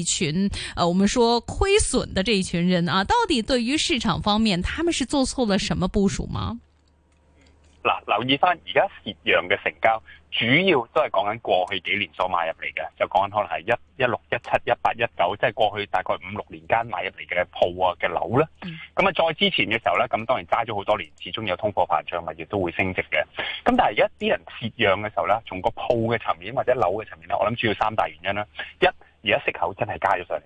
一群，誒，我們說虧損的這一群人啊，到底對於市場方面，他們是做錯了什麼部署嗎？嗱，留意翻而家蝕讓嘅成交，主要都係講緊過去幾年所買入嚟嘅，就講緊可能係一一六、一七、一八、一九，即係過去大概五六年間買入嚟嘅鋪啊嘅樓咧。咁啊、嗯，再之前嘅時候咧，咁當然揸咗好多年，始終有通貨膨脹，亦都會升值嘅。咁但係而家啲人蝕讓嘅時候咧，從個鋪嘅層面或者樓嘅層面咧，我諗主要三大原因啦，一。而家息口真係加咗上嚟，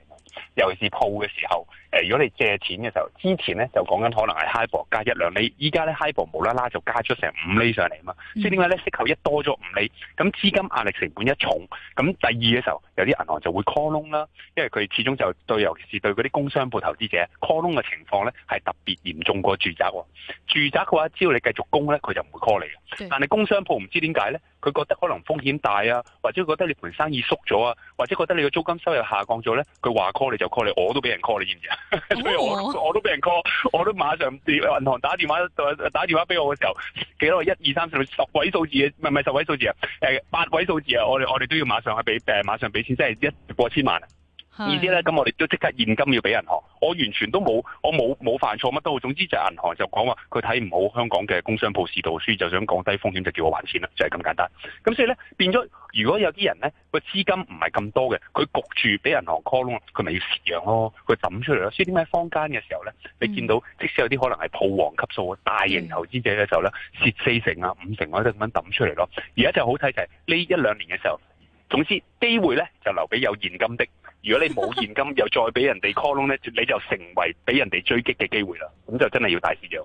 尤其是鋪嘅時候，誒，如果你借錢嘅時候，之前咧就講緊可能係 Hibor 加一兩厘，依家咧 Hibor 無啦啦就加咗成五厘上嚟啊嘛，所以點解咧，息口一多咗五厘，咁資金壓力成本一重，咁第二嘅時候，有啲銀行就會 call loan 啦，因為佢始終就對，尤其是對嗰啲工商鋪投資者 call loan 嘅情況咧係特別嚴重過住宅喎。住宅嘅話，只要你繼續供咧，佢就唔會 call 你嘅，但係工商鋪唔知點解咧。佢覺得可能風險大啊，或者覺得你盤生意縮咗啊，或者覺得你嘅租金收入下降咗咧，佢話 call 你就 call 你，我都俾人 call 你知唔知啊？ 所以我 我，我都俾人 call，我都馬上對銀行打電話打電話俾我嘅時候，幾多一二三四六十位數字嘅，唔係唔係十位數字啊，誒八位數字啊，我哋我哋都要馬上去俾誒馬上俾錢，即係一過千萬。意思咧，咁我哋都即刻現金要俾銀行，我完全都冇，我冇冇犯錯乜都好。總之就銀行就講話佢睇唔好香港嘅工商鋪市道，所以就想降低風險就叫我還錢啦，就係、是、咁簡單。咁所以咧變咗，如果有啲人咧個資金唔係咁多嘅，佢焗住俾銀行 call 咯，佢咪要蝕讓咯，佢抌出嚟咯。所以點解坊間嘅時候咧，你見到即使有啲可能係鋪王級數嘅大型投資者嘅時候咧，嗯、蝕四成啊、五成或者點樣抌出嚟咯。而家就好睇就係呢一兩年嘅時候，總之機會咧就留俾有現金的。 如果你冇現金又再俾人哋 call loan 呢，你就成為俾人哋追擊嘅機會啦。咁就真係要大蝕咗。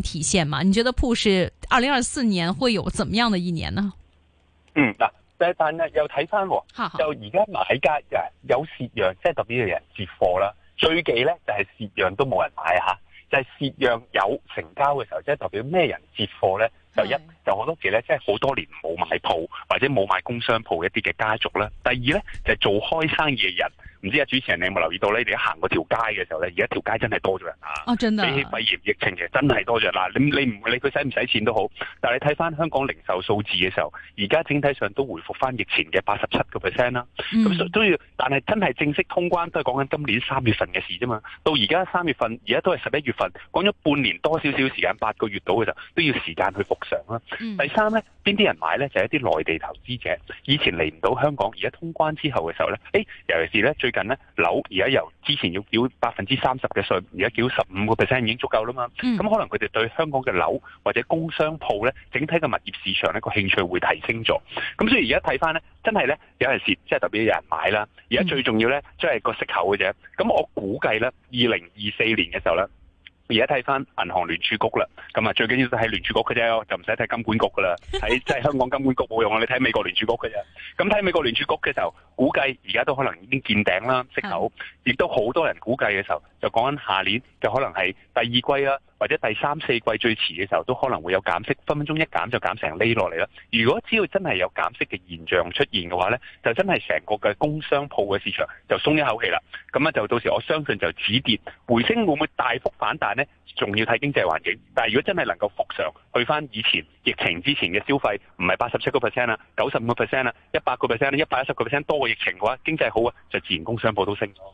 體現嘛？你覺得鋪是二零二四年會有怎麼樣的一年呢？嗯，嗱，但係又睇返，就而家買家有蝕讓，即係代表有人接貨啦。最忌呢就係蝕讓都冇人買吓，就係蝕讓有成交嘅時候，即係代表咩人接貨呢？第一，就好多時咧，即係好多年冇買鋪或者冇買工商鋪一啲嘅家族啦。第二呢，就係做開生意嘅人。唔知啊，主持人你有冇留意到呢？你一行過條街嘅時候咧，而家條街真係多咗人啊！Oh, 真係。比起肺炎疫情，其實真係多咗啦。你你唔理佢使唔使錢都好，但係你睇翻香港零售數字嘅時候，而家整體上都回復翻疫前嘅八十七個 percent 啦。咁都要，嗯、但係真係正式通關都係講緊今年三月份嘅事啫嘛。到而家三月份，而家都係十一月份，講咗半年多少少時間，八個月到嘅時候都要時間去復常啦。嗯、第三呢，邊啲人買呢？就係、是、一啲內地投資者，以前嚟唔到香港，而家通關之後嘅時候呢、欸，尤其是呢。最近咧樓，而家由之前要繳百分之三十嘅稅，而家繳十五個 percent 已經足夠啦嘛。咁、mm. 可能佢哋對香港嘅樓或者工商鋪咧，整體嘅物業市場咧，個興趣會提升咗。咁所以而家睇翻咧，真係咧有陣時即係特別有人買啦。而家最重要咧，即、就、係、是、個息口嘅啫。咁我估計咧，二零二四年嘅時候咧。而家睇翻銀行聯儲局啦，咁啊最緊要都係聯儲局嘅啫，就唔使睇金管局噶啦。睇即係香港金管局冇用啊，你睇美國聯儲局嘅啫。咁睇美國聯儲局嘅時候，估計而家都可能已經見頂啦，息口，亦都好多人估計嘅時候就講緊下年就可能係第二季啦。或者第三四季最遲嘅時候都可能會有減息，分分鐘一減就減成厘落嚟啦。如果只要真係有減息嘅現象出現嘅話呢，就真係成個嘅工商鋪嘅市場就鬆一口氣啦。咁啊，就到時我相信就止跌回升會唔會大幅反彈呢？仲要睇經濟環境。但係如果真係能夠復常去翻以前疫情之前嘅消費，唔係八十七個 percent 啦，九十五個 percent 啦，一百個 percent，一百一十個 percent 多過疫情嘅話，經濟好啊，就自然工商鋪都升咯。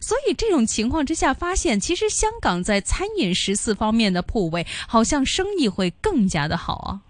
所以這種情況之下，發現其實香港在餐飲食肆方面的鋪位，好像生意會更加的好啊。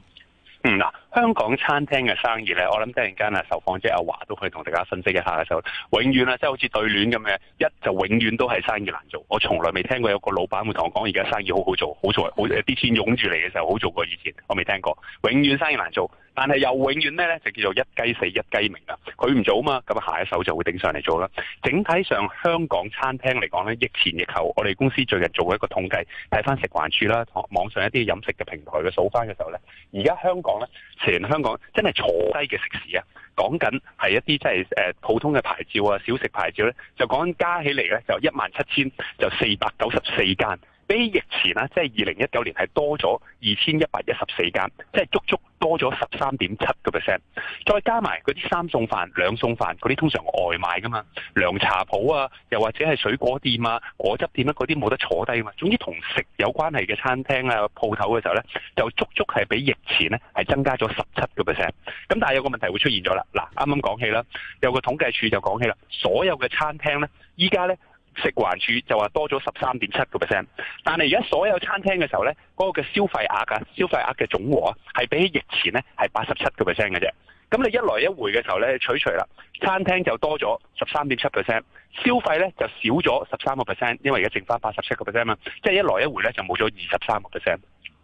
嗯嗱，香港餐廳嘅生意咧，我諗突然間啊，受訪者阿華都可以同大家分析一下嘅。就永遠啊，即係好似對聯咁嘅，一就永遠都係生意難做。我從來未聽過有個老闆會同我講而家生意好好做，好做，好啲錢湧住嚟嘅時候好做過以前，我未聽過，永遠生意難做。但係又永遠咧，就叫做一雞死一雞鳴啊！佢唔做啊嘛，咁啊下一手就會頂上嚟做啦。整體上香港餐廳嚟講咧，疫前疫後，我哋公司最近做一個統計，睇翻食環署啦，網上一啲飲食嘅平台嘅數翻嘅時候咧，而家香港咧，成香港真係坐低嘅食肆啊，講緊係一啲即係誒普通嘅牌照啊、小食牌照咧，就講緊加起嚟咧，就一萬七千就四百九十四間。比疫前咧，即係二零一九年係多咗二千一百一十四間，即係足足多咗十三點七個 percent。再加埋嗰啲三餸飯、兩餸飯嗰啲，那些通常外賣噶嘛，涼茶鋪啊，又或者係水果店啊、果汁店啊嗰啲冇得坐低噶嘛。總之同食有關係嘅餐廳啊、鋪頭嘅時候咧，就足足係比疫前咧係增加咗十七個 percent。咁但係有個問題會出現咗啦。嗱，啱啱講起啦，有個統計處就講起啦，所有嘅餐廳咧，依家咧。食環署就話多咗十三點七個 percent，但係而家所有餐廳嘅時候呢，嗰個嘅消費額啊，消費額嘅總和啊，係比起疫情前咧係八十七個 percent 嘅啫。咁你一來一回嘅時候咧，取除啦，餐廳就多咗十三點七 percent，消費呢就少咗十三個 percent，因為而家剩翻八十七個 percent 啊嘛，即係一來一回呢就冇咗二十三個 percent。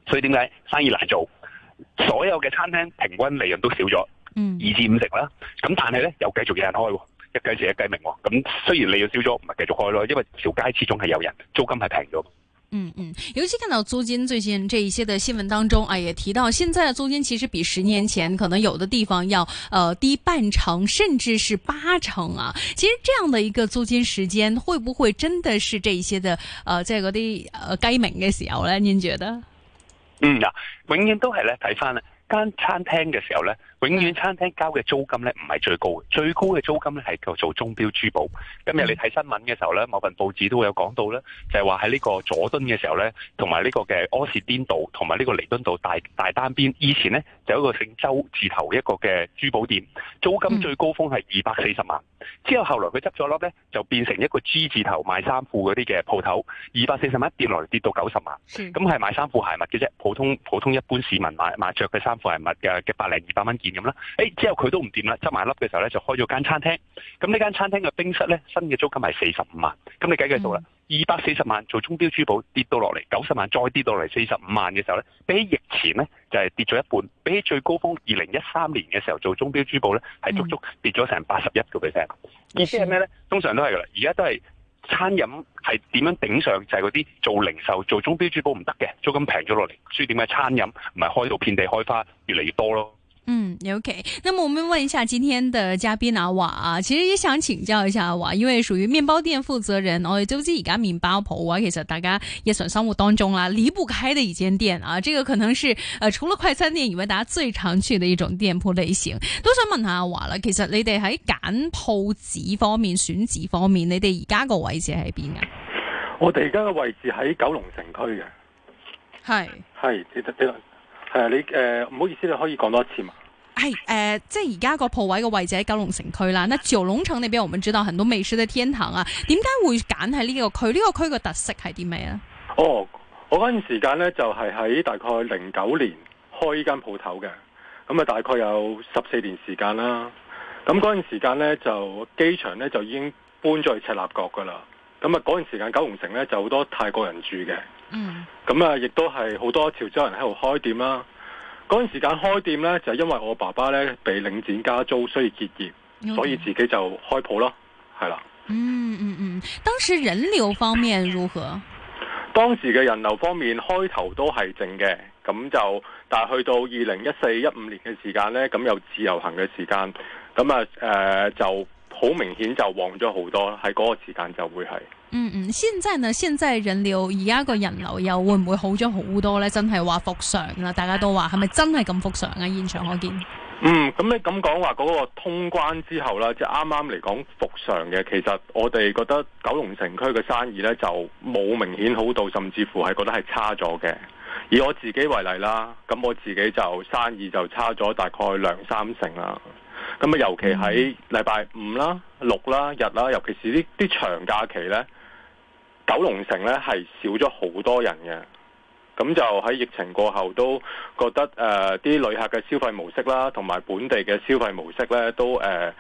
所以點解生意難做？所有嘅餐廳平均利潤都少咗，嗯、二至五成啦。咁但係呢，又繼續有人開。一雞死一雞鳴喎。咁雖然你要少咗，唔係繼續開咯，因為條街始終係有人，租金係平咗。嗯嗯，尤其看到租金最近這一些的新聞當中啊，也提到現在的租金其實比十年前可能有的地方要，呃低半成，甚至是八成啊。其實這樣的一個租金時間，會不會真的是這一些的，呃，在嗰啲，呃，雞鳴嘅時候呢？您覺得？嗯啊，永遠都係咧，睇翻呢間餐廳嘅時候咧。永遠餐廳交嘅租金咧唔係最高嘅，最高嘅租金咧係叫做鐘錶珠寶。今日，嗯，你睇新聞嘅時候咧，某份報紙都會有講到咧，就係話喺呢個佐敦嘅時候咧，同埋呢個嘅柯士甸道同埋呢個彌敦道大大單邊，以前咧就有一個姓周字頭一個嘅珠寶店，租金最高峰係二百四十萬。之後後來佢執咗粒咧，就變成一個 G 字頭賣衫褲嗰啲嘅鋪頭，二百四十萬跌落嚟跌到九十萬，咁係賣衫褲鞋襪嘅啫，普通普通一般市民買買著嘅衫褲鞋襪嘅一百零二百蚊。咁啦，哎，之後佢都唔掂啦，執埋粒嘅時候咧，就開咗間餐廳。咁呢間餐廳嘅冰室咧，新嘅租金係四十五萬。咁你計計數啦，二百四十萬做鐘錶珠寶跌到落嚟九十萬，再跌到嚟四十五萬嘅時候咧，比起疫前咧就係、是、跌咗一半。比起最高峰二零一三年嘅時候做鐘錶珠寶咧，係、嗯、足足跌咗成八十一個 percent。意思係咩咧？通常都係噶啦，而家都係餐飲係點樣頂上？就係嗰啲做零售、做鐘錶珠寶唔得嘅租金平咗落嚟，所以點解餐飲唔係開到遍地開花，越嚟越多咯？嗯，OK。那麼我們問一下今天的嘉賓啊，阿華，其實也想請教一下阿華、啊，因為屬於麵包店負責人，我哋知而家麵包鋪，啊其實大家日常生活當中啊，離不開的一間店啊。這個可能是，呃，除了快餐店以外，大家最常去的一種店鋪類型。都想問下阿華啦、啊，其實你哋喺揀鋪址方面、選址方面，你哋而家個位置喺邊啊？我哋而家個位置喺九龍城區嘅。係係是，記得係、啊、你誒唔、呃、好意思，你可以講多一次嘛？係誒、哎，即係而家個鋪位個位置喺九龍城區啦。那九龍城裏邊我們知道很多美食嘅天堂啊，點解會揀喺呢個區？呢、這個區嘅特色係啲咩啊？哦，我嗰陣時間咧就係、是、喺大概零九年開呢間鋪頭嘅，咁啊大概有十四年時間啦。咁嗰陣時間咧就機場咧就已經搬咗去赤鱲角噶啦。咁啊，嗰段時間九龍城咧就好多泰國人住嘅，咁啊、嗯，亦都係好多潮州人喺度開店啦。嗰段時間開店咧就因為我爸爸咧被領展加租，需要結業，點所以自己就開鋪咯，係啦、嗯。嗯嗯嗯，當時人流方面如何？當時嘅人流方面開頭都係靜嘅，咁就但係去到二零一四一五年嘅時間咧，咁有自由行嘅時間，咁啊誒就。呃就好明顯就旺咗好多，喺嗰個時間就會係、嗯。嗯嗯，而家呢，而家人流，而家個人流又會唔會好咗好多呢？真係話復常啦，大家都話係咪真係咁復常啊？現場可見。嗯，咁你咁講話嗰個通關之後啦，就啱啱嚟講復常嘅，其實我哋覺得九龍城區嘅生意呢，就冇明顯好到，甚至乎係覺得係差咗嘅。以我自己為例啦，咁我自己就生意就差咗大概兩三成啦。咁啊，尤其喺禮拜五啦、六啦、日啦，尤其是呢啲長假期呢，九龍城呢係少咗好多人嘅。咁就喺疫情過後都覺得誒，啲、呃、旅客嘅消費模式啦，同埋本地嘅消費模式呢，都誒轉、呃、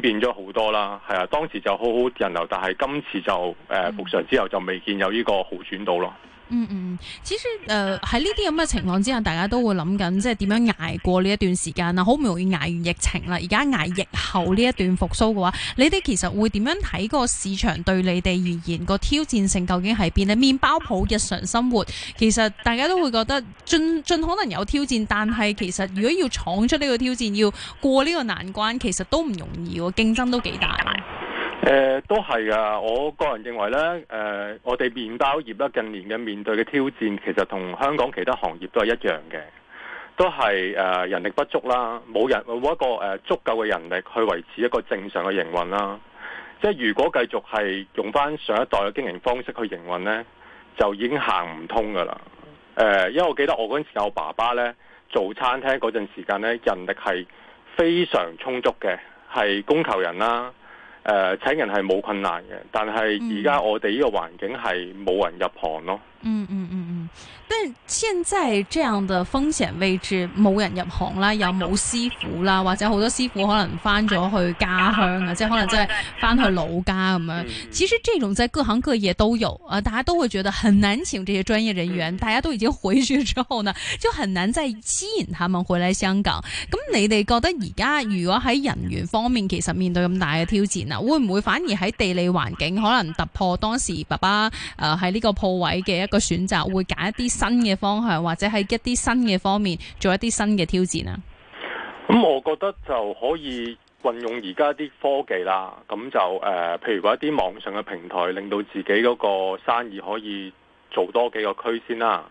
變咗好多啦。係啊，當時就好好人流，但係今次就誒復常之後就未見有呢個好轉到咯。嗯嗯，即使誒喺呢啲咁嘅情況之下，大家都會諗緊，即係點樣挨過呢一段時間啦？好唔容易挨完疫情啦，而家挨疫後呢一段復甦嘅話，你哋其實會點樣睇個市場對你哋而言個挑戰性究竟係邊咧？麵包鋪日常生活其實大家都會覺得盡盡可能有挑戰，但係其實如果要闖出呢個挑戰，要過呢個難關，其實都唔容易喎，競爭都幾大。誒、呃，都係啊！我個人認為呢，誒、呃，我哋麵包業近年嘅面對嘅挑戰，其實同香港其他行業都係一樣嘅，都係誒、呃、人力不足啦，冇人冇一個、呃、足夠嘅人力去維持一個正常嘅營運啦。即係如果繼續係用返上一代嘅經營方式去營運呢，就已經行唔通㗎喇。誒、呃，因為我記得我嗰陣時我爸爸呢做餐廳嗰陣時間呢，人力係非常充足嘅，係供求人啦。誒、呃、請人係冇困難嘅，但係而家我哋呢個環境係冇人入行咯、嗯。嗯嗯嗯嗯。嗯即係現在這樣的風險位置冇人入行啦，又冇師傅啦，或者好多師傅可能翻咗去家鄉啊，即係可能真係翻去老家咁樣，嗯、其實這種在各行各業都有啊，大家都會覺得很難請這些專業人員。嗯、大家都已經回去之後呢，就很難再吸引他們回來香港。咁你哋覺得而家如果喺人員方面，其實面對咁大嘅挑戰啊，會唔會反而喺地理環境可能突破當時爸爸誒喺呢個鋪位嘅一個選擇，會揀一啲？新嘅方向，或者喺一啲新嘅方面做一啲新嘅挑戰啊。咁，我覺得就可以運用而家啲科技啦。咁就誒、呃，譬如話一啲網上嘅平台，令到自己嗰個生意可以做多幾個區先啦。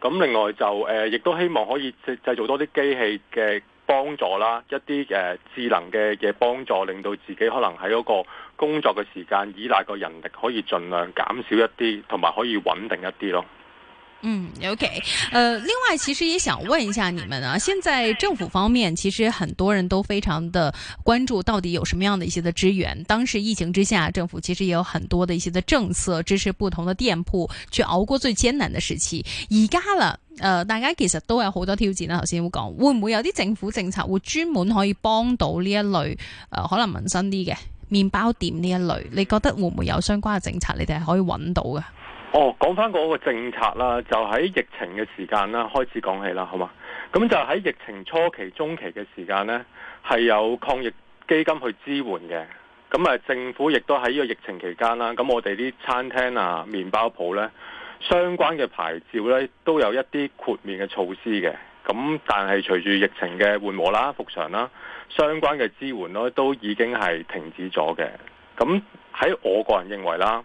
咁，另外就誒，亦、呃、都希望可以製製造多啲機器嘅幫助啦，一啲誒、呃、智能嘅嘢幫助，令到自己可能喺嗰個工作嘅時間依賴個人力可以盡量減少一啲，同埋可以穩定一啲咯。嗯，OK，呃，另外其實也想問一下你們啊，現在政府方面其實很多人都非常的關注到底有什麼樣的一些的支援。當時疫情之下，政府其實也有很多的一些的政策支持不同的店鋪去熬過最艱難的時期。而家啦，呃，大家其實都有好多挑戰啦。頭先會講，會唔會有啲政府政策會專門可以幫到呢一類、呃、可能民生啲嘅麵包店呢一類，你覺得會唔會有相關嘅政策，你哋係可以揾到嘅？哦，講翻嗰個政策啦，就喺疫情嘅時間啦，開始講起啦，好嘛？咁就喺疫情初期、中期嘅時間，呢係有抗疫基金去支援嘅。咁啊，政府亦都喺呢個疫情期間啦，咁我哋啲餐廳啊、麵包店呢，相關嘅牌照呢，都有一啲豁免嘅措施嘅。咁但係隨住疫情嘅緩和啦、復常啦，相關嘅支援呢，都已經係停止咗嘅。咁喺我個人認為啦，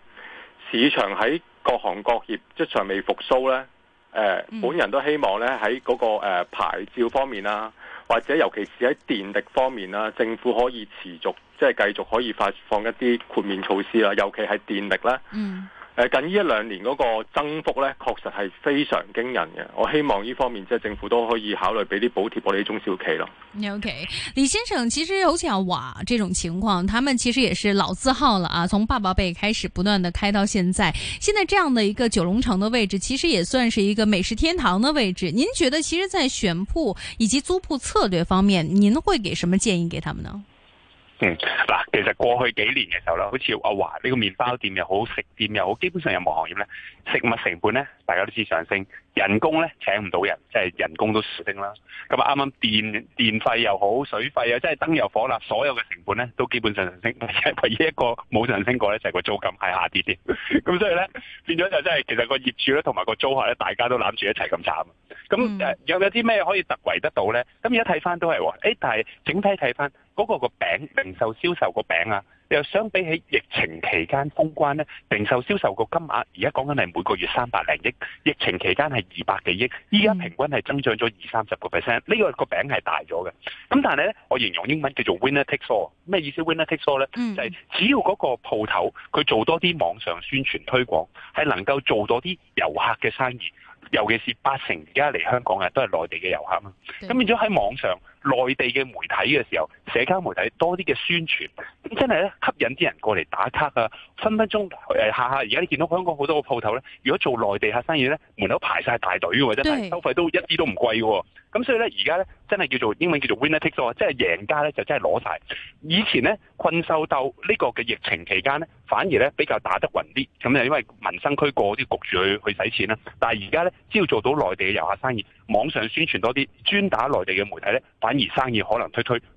市場喺各行各業即係尚未復甦呢、呃。本人都希望呢，喺嗰、那個誒、呃、牌照方面啦、啊，或者尤其是喺電力方面啦、啊，政府可以持續即係繼續可以發放一啲豁免措施啦、啊，尤其係電力啦。嗯呃近一兩年嗰個增幅呢確實係非常驚人嘅。我希望呢方面即係政府都可以考慮俾啲補貼我哋中小企咯。ok 李先生，其實好似阿華這種情況，他們其實也是老字號了啊！從爸爸輩開始不斷的開到現在，現在這樣的一個九龍城的位置，其實也算是一個美食天堂的位置。您覺得其實在選鋪以及租鋪策略方面，您會給什麼建議給他們呢？嗯，嗱，其實過去幾年嘅時候咧，好似阿華呢個麵包店又好，食店又好，基本上任何行業咧。食物成本咧，大家都知上升；人工咧，請唔到人，即係人工都升啦。咁啊，啱啱電電費又好，水費啊，即係燈油火蠟，所有嘅成本咧，都基本上上升。唯一一個冇上升過咧，就係、是、個租金係下跌啲。咁 所以咧，變咗就真、是、係，其實個業主咧，同埋個租客咧，大家都攬住一齊咁慘。咁誒，嗯、有有啲咩可以突圍得到咧？咁而家睇翻都係喎、欸。但係整體睇翻嗰個個餅，零售銷售個餅啊！又相比起疫情期間封關咧，零售銷售個金額而家講緊係每個月三百零億，疫情期間係二百幾億，依家平均係增長咗二三十個 percent，呢個個餅係大咗嘅。咁但係咧，我形容英文叫做 winner takes all，咩意思？winner takes all 咧，就係只要嗰個鋪頭佢做多啲網上宣傳推廣，係能夠做多啲遊客嘅生意，尤其是八成而家嚟香港嘅都係內地嘅遊客嘛。咁變咗喺網上。內地嘅媒體嘅時候，社交媒體多啲嘅宣傳，真係咧吸引啲人過嚟打卡啊！分分鐘誒下下，而家你見到香港好多個鋪頭咧，如果做內地客生意咧，門口排晒大隊嘅，或者係收費都一啲都唔貴嘅。咁、嗯、所以咧，而家咧真係叫做英文叫做 winner takes all，即係贏家咧就真係攞晒。以前咧困獸鬥呢個嘅疫情期間咧，反而咧比較打得勻啲，咁就因為民生區過啲局住去去使錢啦。但係而家咧，只要做到內地嘅遊客生意，網上宣傳多啲，專打內地嘅媒體咧。反而生意可能推推。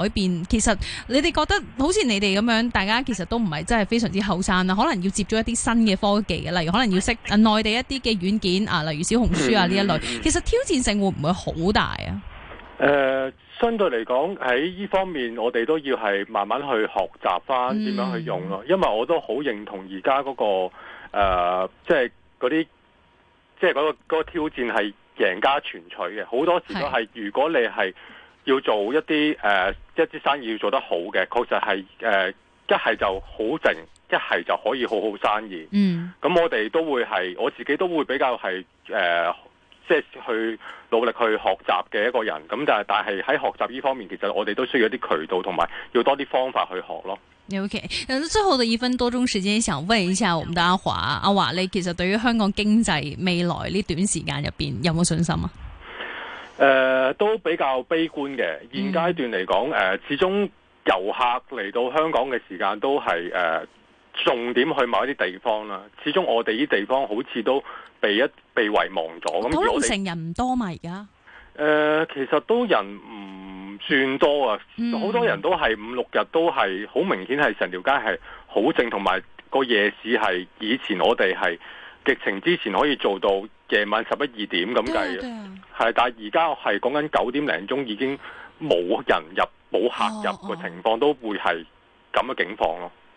改變其實你哋覺得好似你哋咁樣，大家其實都唔係真係非常之後生啦，可能要接觸一啲新嘅科技嘅，例如可能要識啊內地一啲嘅軟件啊，例如小紅書啊呢一類，嗯、其實挑戰性會唔會好大啊？誒、呃，相對嚟講喺呢方面，我哋都要係慢慢去學習翻點樣去用咯。嗯、因為我都好認同而家嗰個誒，即係嗰啲，即係嗰個、嗰個挑戰係贏家全取嘅，好多時都係如果你係。要做一啲誒一啲生意要做得好嘅，確實係誒、呃、一係就好靜，一係就可以好好生意。嗯，咁我哋都會係我自己都會比較係誒、呃，即係去努力去學習嘅一個人。咁但係但係喺學習呢方面，其實我哋都需要一啲渠道同埋要多啲方法去學咯。OK，咁最後的一分多鐘時間，想問一下我們的阿華，阿華你其實對於香港經濟未來呢短時間入邊有冇信心啊？誒、呃，都比較悲觀嘅。現階段嚟講，誒、嗯，始終遊客嚟到香港嘅時間都係誒、呃，重點去某啲地方啦。始終我哋啲地方好似都被一被遺忘咗。咁，我諗成人唔多嘛而家。誒、呃，其實都人唔算多啊。好、嗯、多人都係五六日都係好明顯係成條街係好靜，同埋個夜市係以前我哋係疫情之前可以做到夜晚十一二點咁計。係，但係而家係講緊九點零鐘已經冇人入、冇客入嘅情況，都會係咁嘅境況咯。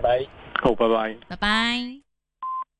拜拜，好，拜拜。拜拜。